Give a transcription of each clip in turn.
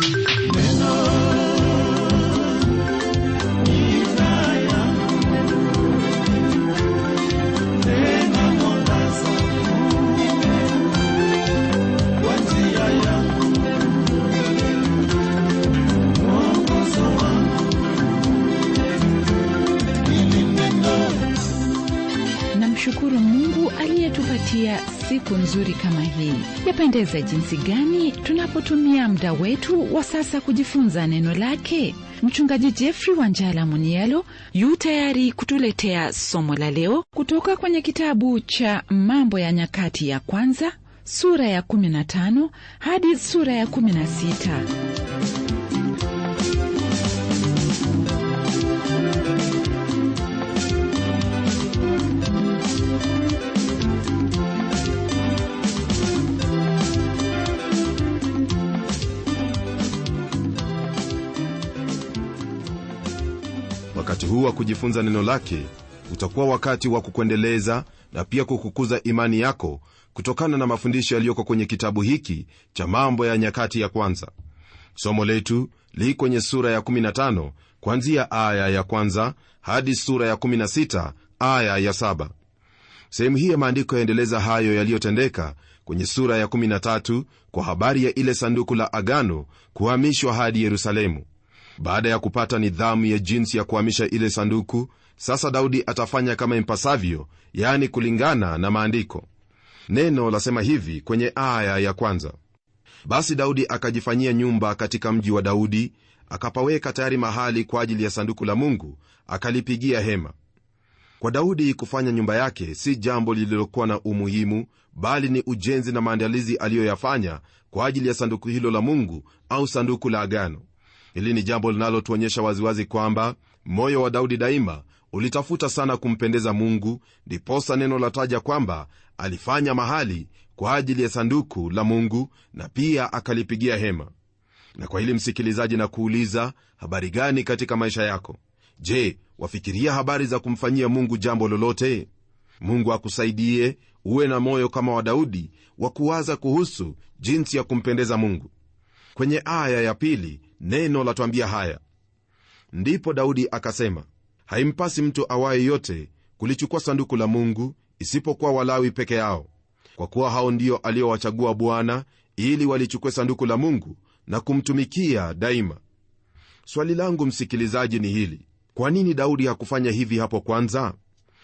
Thank you. Inapendeza jinsi gani tunapotumia muda wetu wa sasa kujifunza neno lake. Mchungaji Jeffrey Wanjala Munialo yu tayari kutuletea somo la leo kutoka kwenye kitabu cha Mambo ya Nyakati ya Kwanza sura ya 15 hadi sura ya 16. wa kujifunza neno lake utakuwa wakati wa kukuendeleza na pia kukukuza imani yako kutokana na mafundisho yaliyoko kwenye kitabu hiki cha mambo ya nyakati ya kwanza somo letu li kwenye sura ya 15 kwanzia aya ya kwanza hadi sura ya 16 aya ya 7 sehemu hii ya maandiko yaendeleza hayo yaliyotendeka kwenye sura ya 13 kwa habari ya ile sanduku la agano kuhamishwa hadi yerusalemu baada ya kupata nidhamu ya jinsi ya kuhamisha ile sanduku sasa daudi atafanya kama impasavyo yani kulingana na maandiko neno lasema hivi kwenye aya ya kwanza basi daudi akajifanyia nyumba katika mji wa daudi akapaweka tayari mahali kwa ajili ya sanduku la mungu akalipigia hema kwa daudi kufanya nyumba yake si jambo lililokuwa na umuhimu bali ni ujenzi na maandalizi aliyoyafanya kwa ajili ya sanduku hilo la mungu au sanduku la agano Hili ni jambo linalotuonyesha waziwazi kwamba moyo wa Daudi daima ulitafuta sana kumpendeza Mungu, ndiposa neno la taja kwamba alifanya mahali kwa ajili ya sanduku la Mungu na pia akalipigia hema. Na kwa hili msikilizaji, na kuuliza habari gani katika maisha yako? Je, wafikiria habari za kumfanyia Mungu jambo lolote? Mungu akusaidie uwe na moyo kama wa Daudi wa kuwaza kuhusu jinsi ya kumpendeza Mungu. Kwenye aya ya pili neno latwambia haya ndipo daudi akasema haimpasi mtu awaye yote kulichukua sanduku la mungu isipokuwa walawi peke yao kwa kuwa hao ndio aliowachagua bwana ili walichukue sanduku la mungu na kumtumikia daima swali langu msikilizaji ni hili kwa nini daudi hakufanya hivi hapo kwanza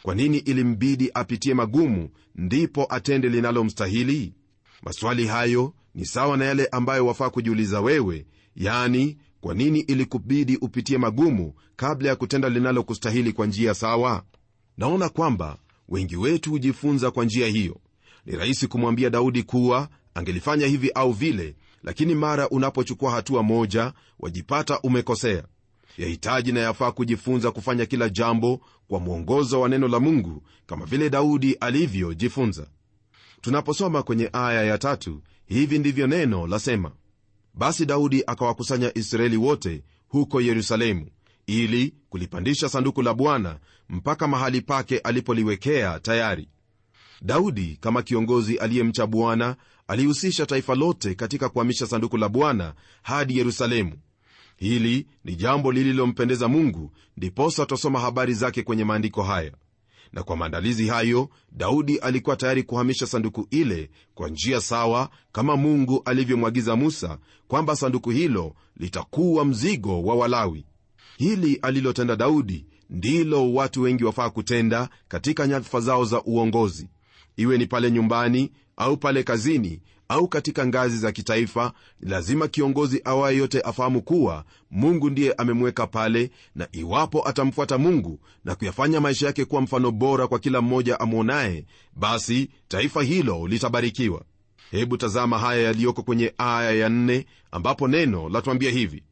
kwa nini ilimbidi apitie magumu ndipo atende linalomstahili maswali hayo ni sawa na yale ambayo wafaa kujiuliza wewe yani kwa nini ilikubidi upitie magumu kabla ya kutenda linalokustahili kwa njia sawa naona kwamba wengi wetu hujifunza kwa njia hiyo ni rahisi kumwambia daudi kuwa angelifanya hivi au vile lakini mara unapochukua hatua moja wajipata umekosea yahitaji na yafaa kujifunza kufanya kila jambo kwa mwongozo wa neno la mungu kama vile daudi alivyojifunza tunaposoma kwenye aya ya tatu hivi ndivyo neno lasema basi daudi akawakusanya israeli wote huko yerusalemu ili kulipandisha sanduku la bwana mpaka mahali pake alipoliwekea tayari daudi kama kiongozi aliyemcha bwana alihusisha taifa lote katika kuhamisha sanduku la bwana hadi yerusalemu hili ni jambo lililompendeza mungu ndiposa twasoma habari zake kwenye maandiko haya na kwa maandalizi hayo daudi alikuwa tayari kuhamisha sanduku ile kwa njia sawa kama mungu alivyomwagiza musa kwamba sanduku hilo litakuwa mzigo wa walawi hili alilotenda daudi ndilo watu wengi wafaa kutenda katika nyafa zao za uongozi iwe ni pale nyumbani au pale kazini au katika ngazi za kitaifa lazima kiongozi awaye yote afahamu kuwa mungu ndiye amemweka pale na iwapo atamfuata mungu na kuyafanya maisha yake kuwa mfano bora kwa kila mmoja amwonaye basi taifa hilo litabarikiwa hebu tazama haya yaliyoko kwenye aya ya nne ambapo neno latuambia hivi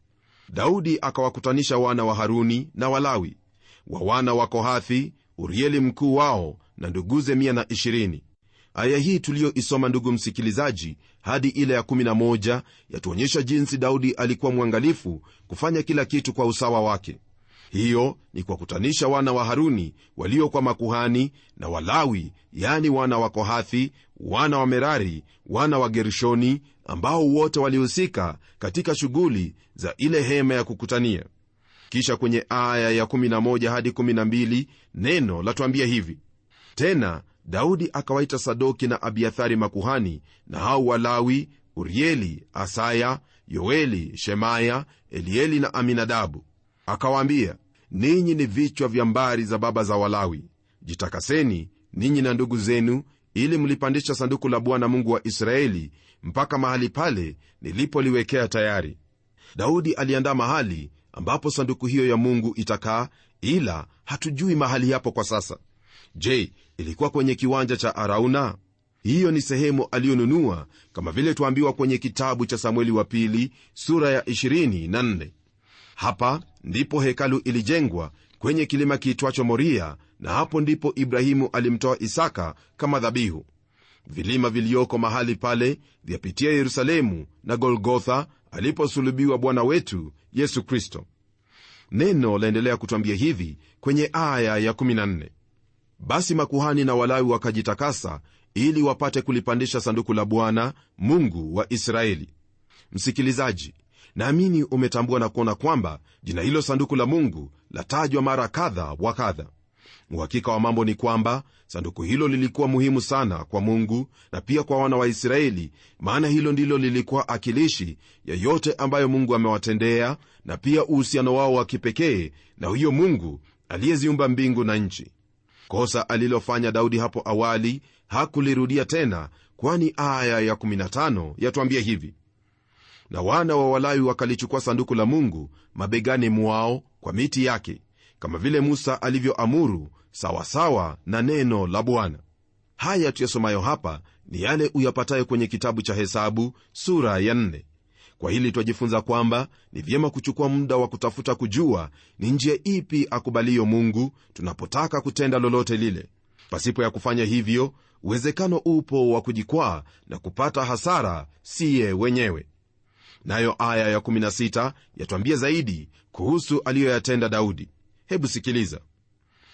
daudi akawakutanisha wana wa haruni na walawi wa wana wa kohathi urieli mkuu wao na nduguze 120 aya hii tuliyoisoma ndugu msikilizaji hadi ile ya 11 yatuonyesha jinsi daudi alikuwa mwangalifu kufanya kila kitu kwa usawa wake hiyo ni kwa kutanisha wana wa haruni walio kwa makuhani na walawi yani wana wa kohathi wana wa merari wana wa gerishoni ambao wote walihusika katika shughuli za ile hema ya kukutania kisha kwenye aya ya 11 hadi 12 neno latwambia hivi tena daudi akawaita sadoki na abiathari makuhani na hao walawi urieli asaya yoeli shemaya elieli na aminadabu akawaambia ninyi ni vichwa vya mbari za baba za walawi jitakaseni ninyi na ndugu zenu ili mlipandisha sanduku la bwana mungu wa israeli mpaka mahali pale nilipoliwekea tayari daudi aliandaa mahali ambapo sanduku hiyo ya mungu itakaa ila hatujui mahali yapo kwa sasa je ilikuwa kwenye kiwanja cha arauna hiyo ni sehemu aliyonunua kama vile twambiwa kwenye kitabu cha samueli wa pili sura ya 24 hapa ndipo hekalu ilijengwa kwenye kilima kiitwacho moria na hapo ndipo ibrahimu alimtoa isaka kama dhabihu vilima viliyoko mahali pale vyapitia yerusalemu na golgotha aliposulubiwa bwana wetu yesu kristo neno laendelea kutwambia hivi kwenye aya ya basi makuhani na walawi wakajitakasa ili wapate kulipandisha sanduku la bwana mungu wa israeli msikilizaji naamini umetambua na kuona kwamba jina hilo sanduku la mungu latajwa mara kadha wa kadha uhakika wa mambo ni kwamba sanduku hilo lilikuwa muhimu sana kwa mungu na pia kwa wana wa israeli maana hilo ndilo lilikuwa akilishi ya yote ambayo mungu amewatendea na pia uhusiano wao wa kipekee na huyo mungu aliyeziumba mbingu na nchi kosa alilofanya daudi hapo awali hakulirudia tena kwani aya ya 15 yatwambia hivi na wana wa walawi wakalichukua sanduku la mungu mabegani mwao kwa miti yake kama vile musa alivyoamuru sawasawa na neno la bwana haya tuyasomayo hapa ni yale uyapatayo kwenye kitabu cha hesabu sura ya 4 kwa hili twajifunza kwamba ni vyema kuchukua muda wa kutafuta kujua ni njia ipi akubaliyo Mungu tunapotaka kutenda lolote lile. Pasipo ya kufanya hivyo, uwezekano upo wa kujikwaa na kupata hasara siye wenyewe. Nayo aya ya 16 yatwambia zaidi kuhusu aliyoyatenda Daudi. Hebu sikiliza: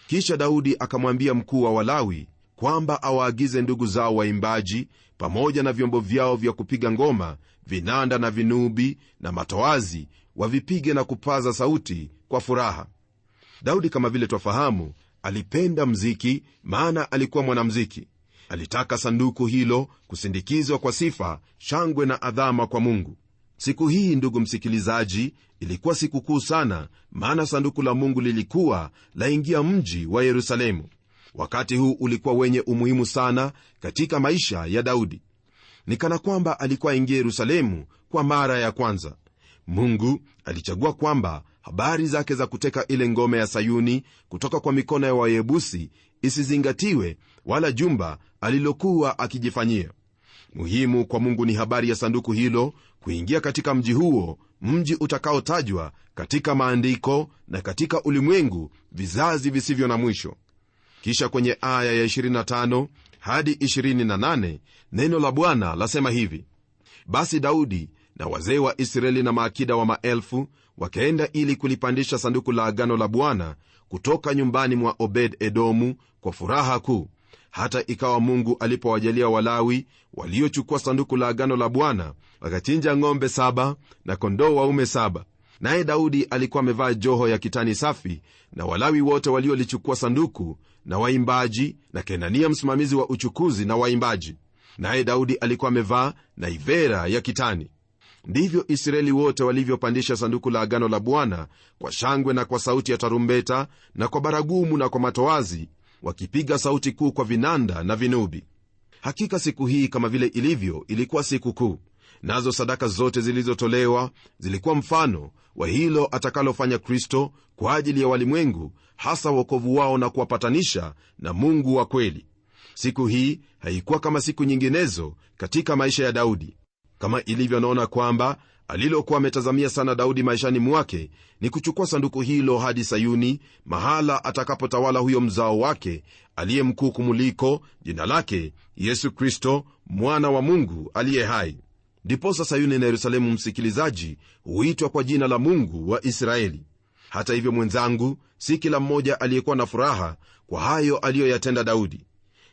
kisha Daudi akamwambia mkuu wa Walawi kwamba awaagize ndugu zao waimbaji pamoja na vyombo vyao vya kupiga ngoma, vinanda na vinubi na matoazi, wavipige na kupaza sauti kwa furaha. Daudi, kama vile twafahamu, alipenda mziki, maana alikuwa mwanamziki. Alitaka sanduku hilo kusindikizwa kwa sifa, shangwe na adhama kwa Mungu. Siku hii, ndugu msikilizaji, ilikuwa sikukuu sana, maana sanduku la Mungu lilikuwa laingia mji wa Yerusalemu wakati huu ulikuwa wenye umuhimu sana katika maisha ya daudi ni kana kwamba alikuwa aingia yerusalemu kwa mara ya kwanza mungu alichagua kwamba habari zake za kuteka ile ngome ya sayuni kutoka kwa mikono ya wayebusi isizingatiwe wala jumba alilokuwa akijifanyia muhimu kwa mungu ni habari ya sanduku hilo kuingia katika mji huo mji utakaotajwa katika maandiko na katika ulimwengu vizazi visivyo na mwisho kisha kwenye aya ya 25 hadi 28 neno la bwana lasema hivi basi daudi na wazee wa israeli na maakida wa maelfu wakaenda ili kulipandisha sanduku la agano la bwana kutoka nyumbani mwa obed edomu kwa furaha kuu hata ikawa mungu alipowajalia walawi waliochukua sanduku la agano la bwana wakachinja ng'ombe saba na kondoo waume saba naye daudi alikuwa amevaa joho ya kitani safi na walawi wote waliolichukua sanduku na waimbaji na kenania msimamizi wa uchukuzi na waimbaji naye daudi alikuwa amevaa na ivera ya kitani ndivyo israeli wote walivyopandisha sanduku la agano la bwana kwa shangwe na kwa sauti ya tarumbeta na kwa baragumu na kwa matoazi wakipiga sauti kuu kwa vinanda na vinubi hakika siku hii kama vile ilivyo ilikuwa siku kuu nazo sadaka zote zilizotolewa zilikuwa mfano wa hilo atakalofanya kristo kwa ajili ya walimwengu hasa wokovu wao na kuwapatanisha na mungu wa kweli siku hii haikuwa kama siku nyinginezo katika maisha ya daudi kama ilivyo naona kwamba alilokuwa ametazamia sana daudi maishani mwake ni kuchukua sanduku hilo hadi sayuni mahala atakapotawala huyo mzao wake aliye mkuu kumuliko jina lake yesu kristo mwana wa mungu aliye hai ndiposa sayuni na yerusalemu msikilizaji huitwa kwa jina la mungu wa israeli hata hivyo mwenzangu si kila mmoja aliyekuwa na furaha kwa hayo aliyoyatenda daudi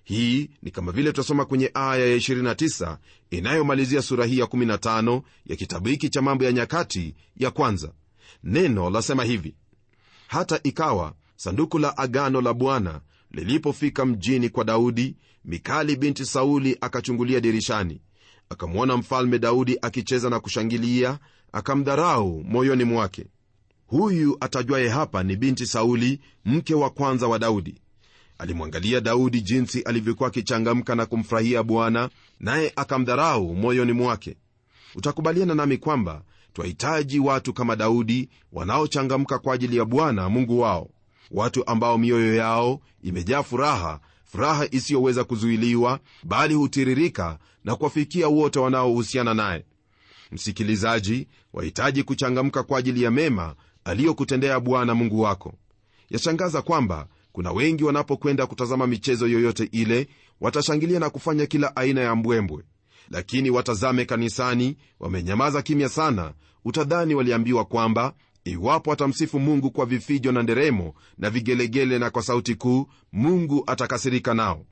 hii ni kama vile twasoma kwenye aya ya 29 inayomalizia sura hii ya 15 ya kitabu hiki cha mambo ya nyakati ya kwanza neno lasema hivi hata ikawa sanduku la agano la bwana lilipofika mjini kwa daudi mikali binti sauli akachungulia dirishani akamwona mfalme daudi akicheza na kushangilia akamdharau moyoni mwake huyu atajwaye hapa ni binti sauli mke wa kwanza wa daudi alimwangalia daudi jinsi alivyokuwa akichangamka na kumfurahia bwana naye akamdharau moyoni mwake utakubaliana nami kwamba twahitaji watu kama daudi wanaochangamka kwa ajili ya bwana mungu wao watu ambao mioyo yao imejaa furaha furaha isiyoweza kuzuiliwa bali hutiririka na kuwafikia wote wanaohusiana naye msikilizaji wahitaji kuchangamka kwa ajili ya mema aliyokutendea bwana mungu wako yashangaza kwamba kuna wengi wanapokwenda kutazama michezo yoyote ile watashangilia na kufanya kila aina ya mbwembwe lakini watazame kanisani wamenyamaza kimya sana utadhani waliambiwa kwamba iwapo atamsifu mungu kwa vifijo na nderemo na vigelegele na kwa sauti kuu mungu atakasirika nao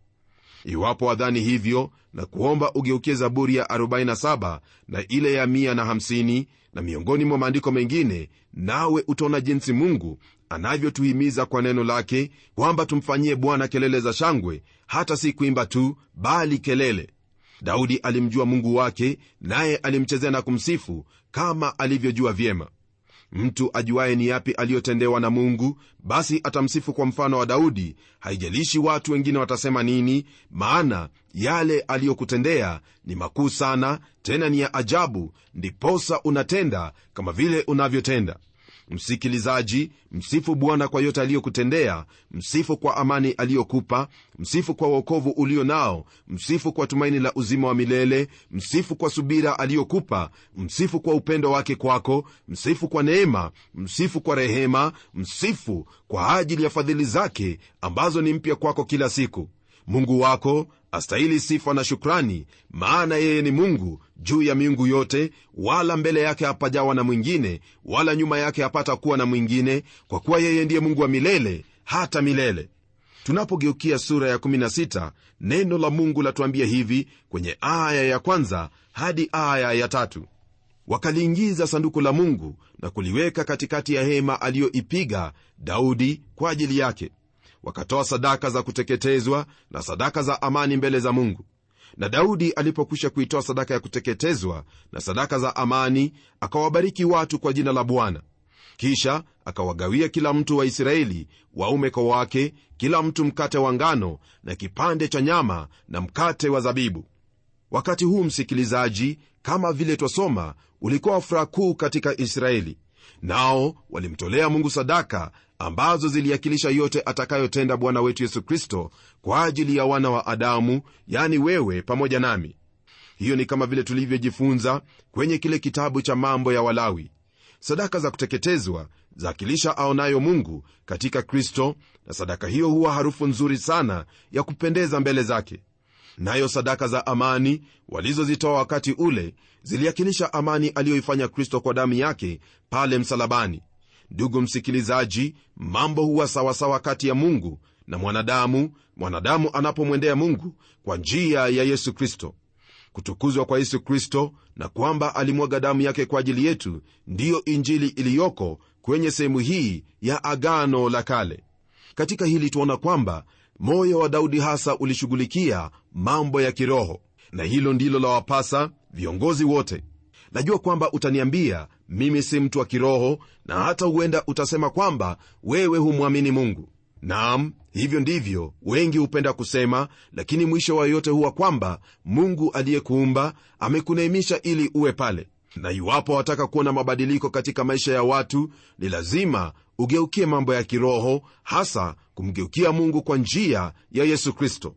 iwapo wadhani hivyo na kuomba ugeukie zaburi ya 47 na ile ya 150 na, na miongoni mwa maandiko mengine nawe utaona jinsi mungu anavyotuhimiza kwa neno lake kwamba tumfanyie bwana kelele za shangwe hata si kuimba tu bali kelele daudi alimjua mungu wake naye alimchezea na kumsifu kama alivyojua vyema mtu ajuaye ni yapi aliyotendewa na mungu basi atamsifu kwa mfano wa daudi haijalishi watu wengine watasema nini maana yale aliyokutendea ni makuu sana tena ni ya ajabu ndiposa unatenda kama vile unavyotenda Msikilizaji, msifu Bwana kwa yote aliyokutendea, msifu kwa amani aliyokupa, msifu kwa wokovu ulio nao, msifu kwa tumaini la uzima wa milele, msifu kwa subira aliyokupa, msifu kwa upendo wake kwako, msifu kwa neema, msifu kwa rehema, msifu kwa ajili ya fadhili zake ambazo ni mpya kwako kila siku mungu wako astahili sifa na shukrani maana yeye ni mungu juu ya miungu yote wala mbele yake hapajawa na mwingine wala nyuma yake hapata kuwa na mwingine kwa kuwa yeye ndiye mungu wa milele hata milele tunapogeukia sura ya 16 neno la mungu latuambia hivi kwenye aya ya kwanza hadi aya ya tatu wakaliingiza sanduku la mungu na kuliweka katikati ya hema aliyoipiga daudi kwa ajili yake wakatoa sadaka za kuteketezwa na sadaka za amani mbele za mungu na daudi alipokwisha kuitoa sadaka ya kuteketezwa na sadaka za amani akawabariki watu kwa jina la bwana kisha akawagawia kila mtu wa israeli waume kwa wake kila mtu mkate wa ngano na kipande cha nyama na mkate wa zabibu wakati huu msikilizaji kama vile twasoma ulikuwa furaha kuu katika israeli nao walimtolea mungu sadaka ambazo ziliakilisha yote atakayotenda bwana wetu yesu kristo kwa ajili ya wana wa adamu yani wewe pamoja nami hiyo ni kama vile tulivyojifunza kwenye kile kitabu cha mambo ya walawi sadaka za kuteketezwa zaakilisha aonayo mungu katika kristo na sadaka hiyo huwa harufu nzuri sana ya kupendeza mbele zake nayo sadaka za amani walizozitoa wakati ule ziliakilisha amani aliyoifanya kristo kwa damu yake pale msalabani ndugu msikilizaji mambo huwa sawasawa kati ya mungu na mwanadamu mwanadamu anapomwendea mungu kwa njia ya yesu kristo kutukuzwa kwa yesu kristo na kwamba alimwaga damu yake kwa ajili yetu ndiyo injili iliyoko kwenye sehemu hii ya agano la kale katika hili tuona kwamba moyo wa daudi hasa ulishughulikia mambo ya kiroho na hilo ndilo la wapasa viongozi wote najua kwamba utaniambia mimi si mtu wa kiroho na hata huenda utasema kwamba wewe humwamini mungu nam hivyo ndivyo wengi hupenda kusema lakini mwisho wa yote huwa kwamba mungu aliyekuumba amekuneemisha ili uwe pale na iwapo wataka kuona mabadiliko katika maisha ya watu ni lazima ugeukie mambo ya kiroho hasa kumgeukia mungu kwa njia ya yesu kristo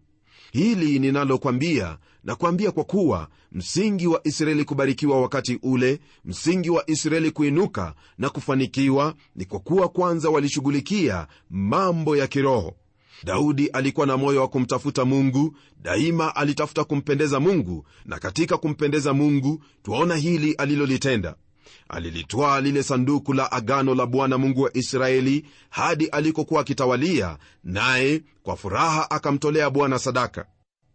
hili ninalokwambia nakwambia kwa kuwa msingi wa israeli kubarikiwa wakati ule msingi wa israeli kuinuka na kufanikiwa ni kwa kuwa kwanza walishughulikia mambo ya kiroho daudi alikuwa na moyo wa kumtafuta mungu daima alitafuta kumpendeza mungu na katika kumpendeza mungu twaona hili alilolitenda alilitwaa lile sanduku la agano la bwana mungu wa israeli hadi alikokuwa akitawalia naye kwa furaha akamtolea bwana sadaka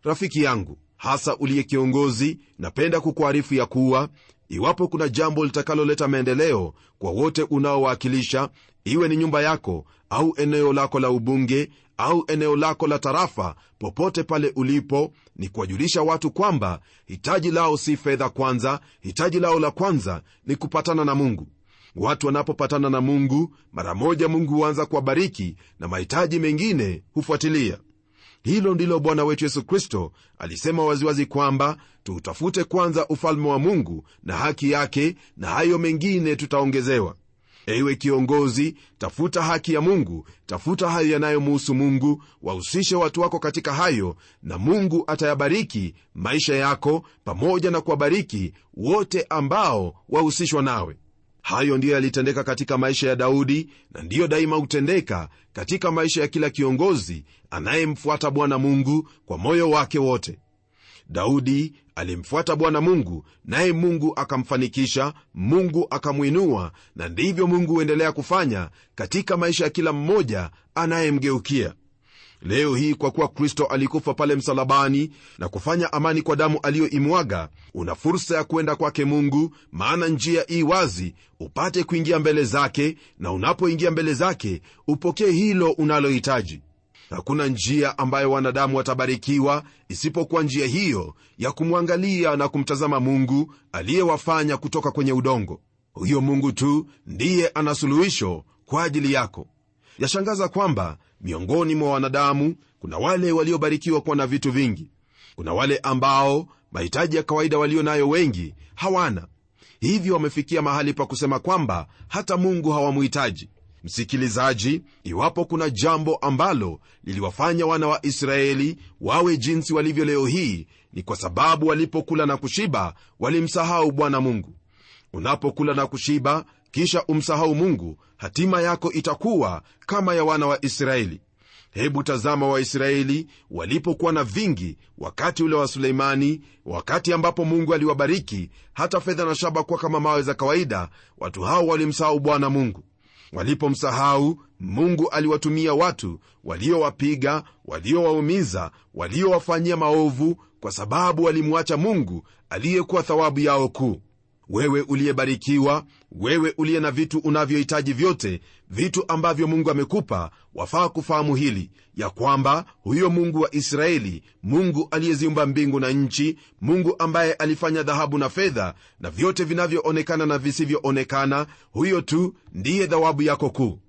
rafiki yangu hasa uliye kiongozi napenda kukuarifu ya kuwa iwapo kuna jambo litakaloleta maendeleo kwa wote unaowakilisha iwe ni nyumba yako au eneo lako la ubunge au eneo lako la tarafa, popote pale ulipo, ni kuwajulisha watu kwamba hitaji lao si fedha kwanza, hitaji lao la kwanza ni kupatana na Mungu. Watu wanapopatana na Mungu, mara moja Mungu huanza kuwabariki na mahitaji mengine hufuatilia. Hilo ndilo Bwana wetu Yesu Kristo alisema waziwazi kwamba tuutafute kwanza ufalme wa Mungu na haki yake, na hayo mengine tutaongezewa. Ewe kiongozi, tafuta haki ya Mungu, tafuta hayo yanayomuhusu Mungu, wahusishe watu wako katika hayo, na Mungu atayabariki maisha yako pamoja na kuwabariki wote ambao wahusishwa nawe. Hayo ndiyo yalitendeka katika maisha ya Daudi na ndiyo daima hutendeka katika maisha ya kila kiongozi anayemfuata Bwana Mungu kwa moyo wake wote daudi alimfuata bwana mungu naye mungu akamfanikisha mungu akamwinua na ndivyo mungu huendelea kufanya katika maisha ya kila mmoja anayemgeukia leo hii kwa kuwa kristo alikufa pale msalabani na kufanya amani kwa damu aliyoimwaga una fursa ya kwenda kwake mungu maana njia ii wazi upate kuingia mbele zake na unapoingia mbele zake upokee hilo unalohitaji hakuna njia ambayo wanadamu watabarikiwa isipokuwa njia hiyo ya kumwangalia na kumtazama mungu aliyewafanya kutoka kwenye udongo huyo mungu tu ndiye ana suluhisho kwa ajili yako yashangaza kwamba miongoni mwa wanadamu kuna wale waliobarikiwa kuwa na vitu vingi kuna wale ambao mahitaji ya kawaida walio nayo wengi hawana hivyo wamefikia mahali pa kusema kwamba hata mungu hawamuhitaji msikilizaji iwapo kuna jambo ambalo liliwafanya wana wa israeli wawe jinsi walivyo leo hii ni kwa sababu walipokula na kushiba walimsahau bwana mungu unapokula na kushiba kisha umsahau mungu hatima yako itakuwa kama ya wana wa israeli hebu tazama waisraeli walipokuwa na vingi wakati ule wa suleimani wakati ambapo mungu aliwabariki hata fedha na shaba kuwa kama mawe za kawaida watu hao walimsahau bwana mungu walipomsahau mungu aliwatumia watu waliowapiga waliowaumiza waliowafanyia maovu kwa sababu walimwacha mungu aliyekuwa thawabu yao kuu wewe uliyebarikiwa wewe uliye na vitu unavyohitaji vyote vitu ambavyo mungu amekupa wafaa kufahamu hili ya kwamba huyo mungu wa israeli mungu aliyeziumba mbingu na nchi mungu ambaye alifanya dhahabu na fedha na vyote vinavyoonekana na visivyoonekana huyo tu ndiye dhawabu yako kuu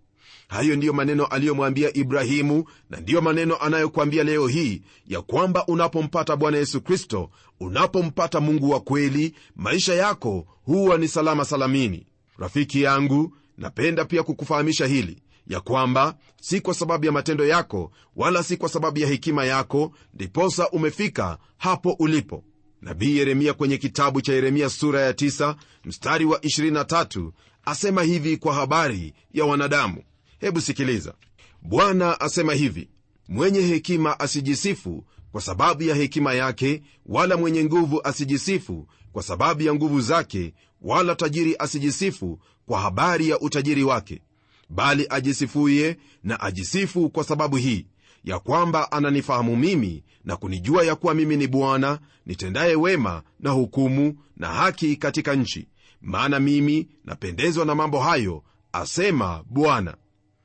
hayo ndiyo maneno aliyomwambia ibrahimu na ndiyo maneno anayokwambia leo hii ya kwamba unapompata bwana yesu kristo unapompata mungu wa kweli maisha yako huwa ni salama salamini rafiki yangu napenda pia kukufahamisha hili ya kwamba si kwa sababu ya matendo yako wala si kwa sababu ya hekima yako ndiposa umefika hapo ulipo nabii yeremia kwenye kitabu cha yeremia sura ya 9 mstari wa 23 asema hivi kwa habari ya wanadamu hebu sikiliza bwana asema hivi mwenye hekima asijisifu kwa sababu ya hekima yake wala mwenye nguvu asijisifu kwa sababu ya nguvu zake wala tajiri asijisifu kwa habari ya utajiri wake bali ajisifuye na ajisifu kwa sababu hii ya kwamba ananifahamu mimi na kunijua ya kuwa mimi ni bwana nitendaye wema na hukumu na haki katika nchi maana mimi napendezwa na mambo hayo asema bwana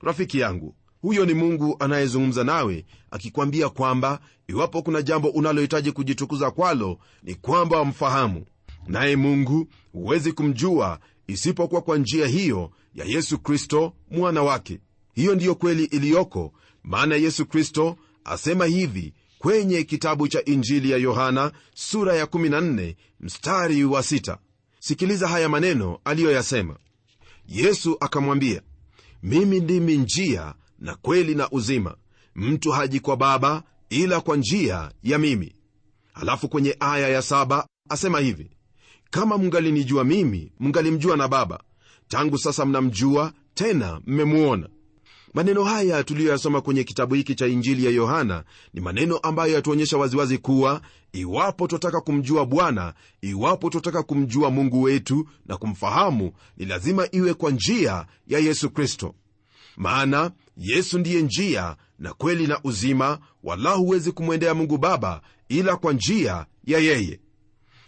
rafiki yangu huyo ni mungu anayezungumza nawe akikwambia kwamba iwapo kuna jambo unalohitaji kujitukuza kwalo ni kwamba wamfahamu naye mungu huwezi kumjua isipokuwa kwa njia hiyo ya yesu kristo mwana wake hiyo ndiyo kweli iliyoko maana yesu kristo asema hivi kwenye kitabu cha injili ya yohana sura ya 14 mstari wa 6 sikiliza haya maneno aliyoyasema yesu akamwambia mimi ndimi njia na kweli na uzima mtu haji kwa baba ila kwa njia ya mimi alafu kwenye aya ya saba asema hivi kama mngalinijua mimi mngalimjua na baba tangu sasa mnamjua tena mmemuona maneno haya tuliyoyasoma kwenye kitabu hiki cha injili ya yohana ni maneno ambayo yatuonyesha waziwazi kuwa iwapo twataka kumjua bwana iwapo twataka kumjua mungu wetu na kumfahamu ni lazima iwe kwa njia ya yesu kristo maana yesu ndiye njia na kweli na uzima wala huwezi kumwendea mungu baba ila kwa njia ya yeye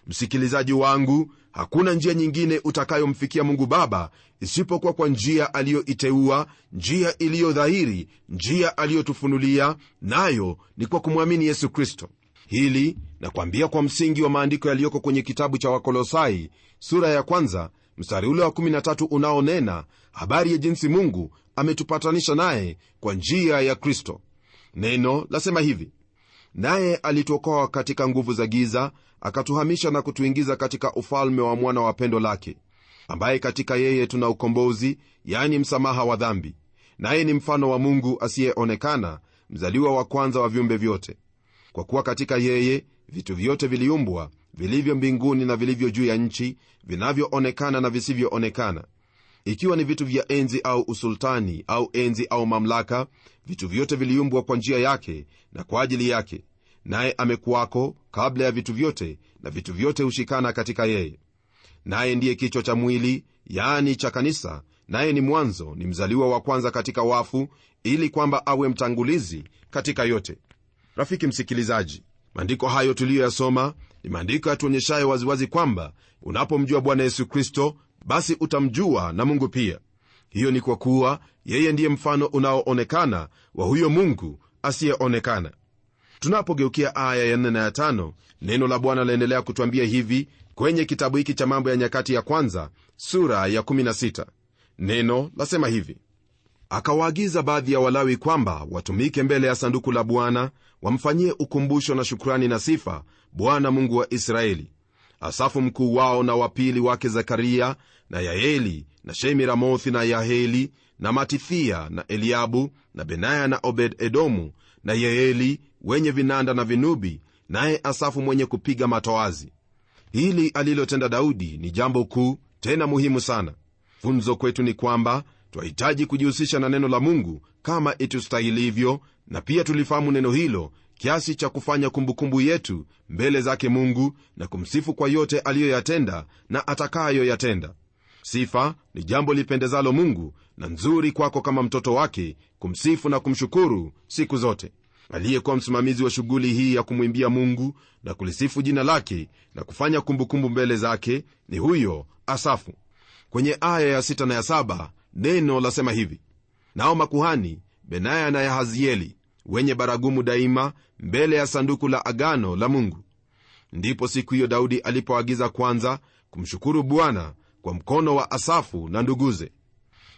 msikilizaji wangu hakuna njia nyingine utakayomfikia mungu baba isipokuwa kwa njia aliyoiteua njia iliyo dhahiri njia aliyotufunulia nayo ni kwa kumwamini yesu kristo hili nakwambia kwa msingi wa maandiko yaliyoko kwenye kitabu cha wakolosai sura ya kwanza mstari ule wa 13 unaonena habari ya jinsi mungu ametupatanisha naye kwa njia ya kristo neno lasema hivi naye alituokoa katika nguvu za giza akatuhamisha na kutuingiza katika ufalme wa mwana wa pendo lake ambaye katika yeye tuna ukombozi yaani msamaha wa dhambi naye ni mfano wa mungu asiyeonekana mzaliwa wa kwanza wa viumbe vyote kwa kuwa katika yeye vitu vyote viliumbwa vilivyo mbinguni na vilivyo juu ya nchi vinavyoonekana na visivyoonekana ikiwa ni vitu vya enzi au usultani au enzi au mamlaka vitu vyote viliumbwa kwa njia yake na kwa ajili yake naye amekuwako kabla ya vitu vyote na vitu vyote hushikana katika yeye naye ndiye kichwa cha mwili yaani cha kanisa naye ni mwanzo ni mzaliwa wa kwanza katika wafu ili kwamba awe mtangulizi katika yote rafiki msikilizaji maandiko hayo tuliyoyasoma ni maandiko yatuonyeshayo waziwazi kwamba unapomjua bwana yesu kristo basi utamjua na mungu pia hiyo ni kwa kuwa yeye ndiye mfano unaoonekana wa huyo mungu asiyeonekana tunapogeukia aya ya nne na ya tano neno la bwana laendelea kutwambia hivi kwenye kitabu hiki cha mambo ya nyakati ya kwanza sura ya 16 neno lasema hivi akawaagiza baadhi ya walawi kwamba watumike mbele ya sanduku la bwana wamfanyie ukumbusho na shukrani na sifa bwana mungu wa israeli asafu mkuu wao na wapili wake zekaria na yaeli na shemiramothi na yaheli na matithia na eliabu na benaya na obed edomu na yeeli wenye vinanda na vinubi naye asafu mwenye kupiga matoazi hili alilotenda daudi ni jambo kuu tena muhimu sana funzo kwetu ni kwamba twahitaji kujihusisha na neno la mungu kama itustahilivyo na pia tulifahamu neno hilo kiasi cha kufanya kumbukumbu yetu mbele zake mungu na kumsifu kwa yote aliyoyatenda na atakayoyatenda sifa ni jambo lipendezalo mungu na nzuri kwako kama mtoto wake kumsifu na kumshukuru siku zote aliyekuwa msimamizi wa shughuli hii ya kumwimbia mungu na kulisifu jina lake na kufanya kumbukumbu mbele zake ni huyo asafu kwenye aya ya sita na ya saba neno lasema hivi nao makuhani benaya na yahazieli wenye baragumu daima mbele ya sanduku la agano la Mungu. Ndipo siku hiyo Daudi alipoagiza kwanza kumshukuru Bwana kwa mkono wa Asafu na nduguze.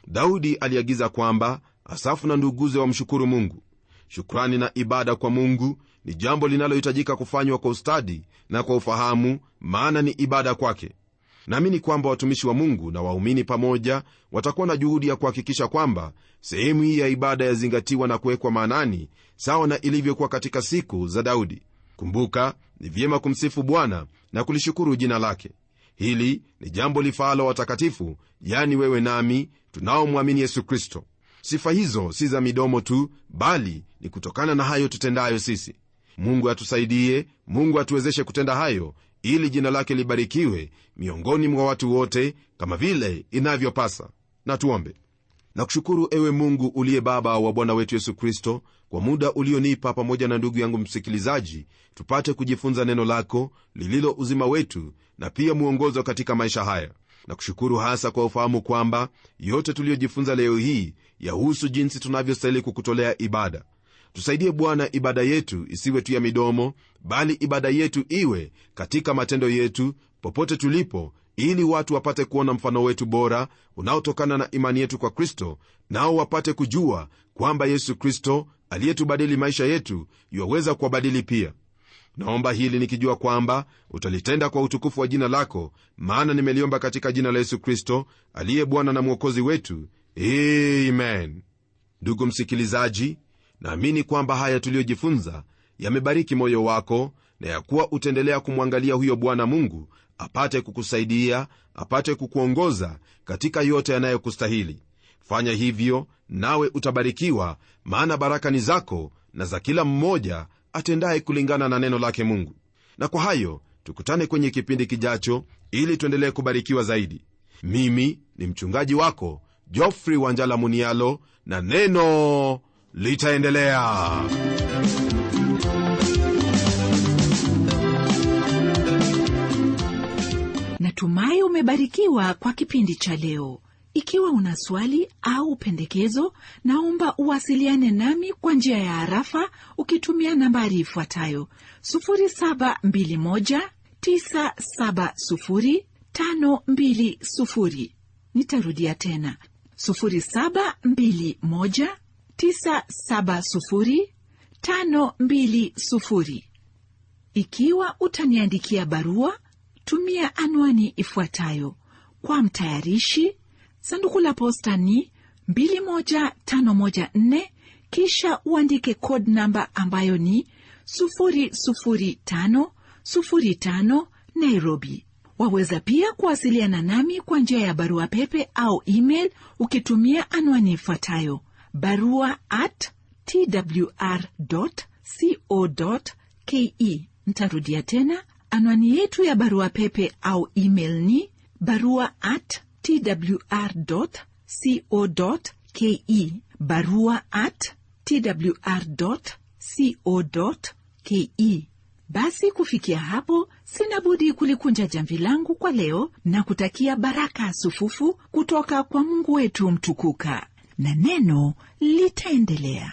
Daudi aliagiza kwamba Asafu na nduguze wamshukuru Mungu. Shukrani na ibada kwa Mungu ni jambo linalohitajika kufanywa kwa ustadi na kwa ufahamu, maana ni ibada kwake naamini kwamba watumishi wa mungu na waumini pamoja watakuwa na juhudi ya kuhakikisha kwamba sehemu hii ya ibada yazingatiwa na kuwekwa maanani sawa na ilivyokuwa katika siku za daudi kumbuka ni vyema kumsifu bwana na kulishukuru jina lake hili ni jambo lifaalo watakatifu yani wewe nami tunaomwamini yesu kristo sifa hizo si za midomo tu bali ni kutokana na hayo tutendayo sisi mungu atusaidie mungu atuwezeshe kutenda hayo ili jina lake libarikiwe miongoni mwa watu wote kama vile inavyopasa na tuombe ewe mungu uliye baba wa bwana wetu yesu kristo kwa muda ulionipa pamoja na ndugu yangu msikilizaji tupate kujifunza neno lako lililo uzima wetu na pia mwongozo katika maisha haya nakushukuru hasa kwa ufahamu kwamba yote tuliyojifunza leo hii yahusu jinsi tunavyostahili kukutolea ibada tusaidie bwana ibada yetu isiwe tu ya midomo bali ibada yetu iwe katika matendo yetu popote tulipo ili watu wapate kuona mfano wetu bora unaotokana na imani yetu kwa kristo nao wapate kujua kwamba yesu kristo aliyetubadili maisha yetu yuwaweza kuwabadili pia naomba hili nikijua kwamba utalitenda kwa utukufu wa jina lako maana nimeliomba katika jina la yesu kristo aliye bwana na mwokozi wetu men ndugu msikilizaji naamini kwamba haya tuliyojifunza yamebariki moyo wako na ya kuwa utaendelea kumwangalia huyo bwana mungu apate kukusaidia apate kukuongoza katika yote yanayokustahili fanya hivyo nawe utabarikiwa maana baraka ni zako na za kila mmoja atendaye kulingana na neno lake mungu na kwa hayo tukutane kwenye kipindi kijacho ili tuendelee kubarikiwa zaidi mimi ni mchungaji wako jofrey wanjala munialo na neno litaendelea. Natumai umebarikiwa kwa kipindi cha leo. Ikiwa una swali au pendekezo, naomba uwasiliane nami kwa njia ya harafa ukitumia nambari ifuatayo 0721970520. Nitarudia tena 0721 ikiwa utaniandikia barua, tumia anwani ifuatayo: kwa mtayarishi, sanduku la posta ni 2154 kisha uandike code namba ambayo ni 00505 Nairobi. Waweza pia kuwasiliana nami kwa njia ya barua pepe au email ukitumia anwani ifuatayo barua at ke Ntarudia tena anwani yetu ya barua pepe au email ni barua at ke barua at ke Basi kufikia hapo, sina budi kulikunja jamvi langu kwa leo na kutakia baraka sufufu kutoka kwa Mungu wetu mtukuka na neno litaendelea